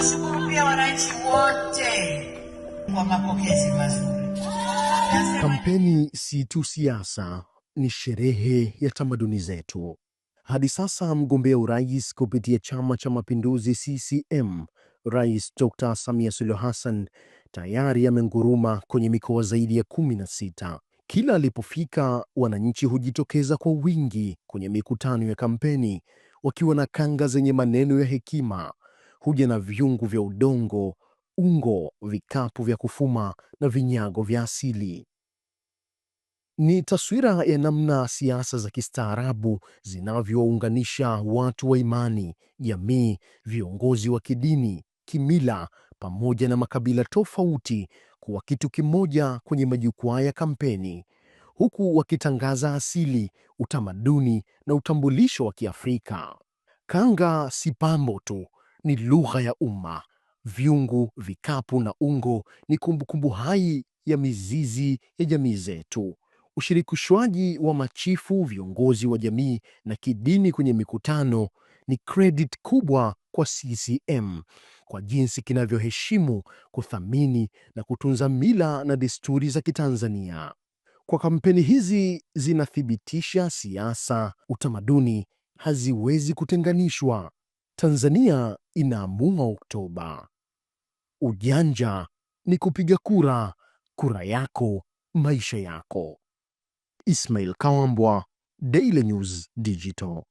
Nawashukuru pia wananchi wote kwa mapokezi mazuri. Kampeni si tu siasa, ni sherehe ya tamaduni zetu. Hadi sasa mgombea urais kupitia Chama cha Mapinduzi CCM, Rais Dr. Samia Suluhu Hassan tayari amenguruma kwenye mikoa zaidi ya kumi na sita. Kila alipofika, wananchi hujitokeza kwa wingi kwenye mikutano ya kampeni wakiwa na kanga zenye maneno ya hekima huja na vyungu vya udongo, ungo, vikapu vya kufuma na vinyago vya asili. Ni taswira ya namna siasa za kistaarabu zinavyounganisha watu wa imani, jamii, viongozi wa kidini, kimila pamoja na makabila tofauti kuwa kitu kimoja kwenye majukwaa ya kampeni, huku wakitangaza asili, utamaduni na utambulisho wa Kiafrika. Kanga si pambo tu, ni lugha ya umma. Vyungu, vikapu na ungo ni kumbukumbu hai ya mizizi ya jamii zetu. Ushirikishwaji wa machifu, viongozi wa jamii na kidini kwenye mikutano ni credit kubwa kwa CCM kwa jinsi kinavyoheshimu, kuthamini na kutunza mila na desturi za Kitanzania. Kwa kampeni hizi zinathibitisha siasa, utamaduni haziwezi kutenganishwa. Tanzania inaamua Oktoba. Ujanja ni kupiga kura, kura yako maisha yako. Ismail Kawambwa, Daily News Digital.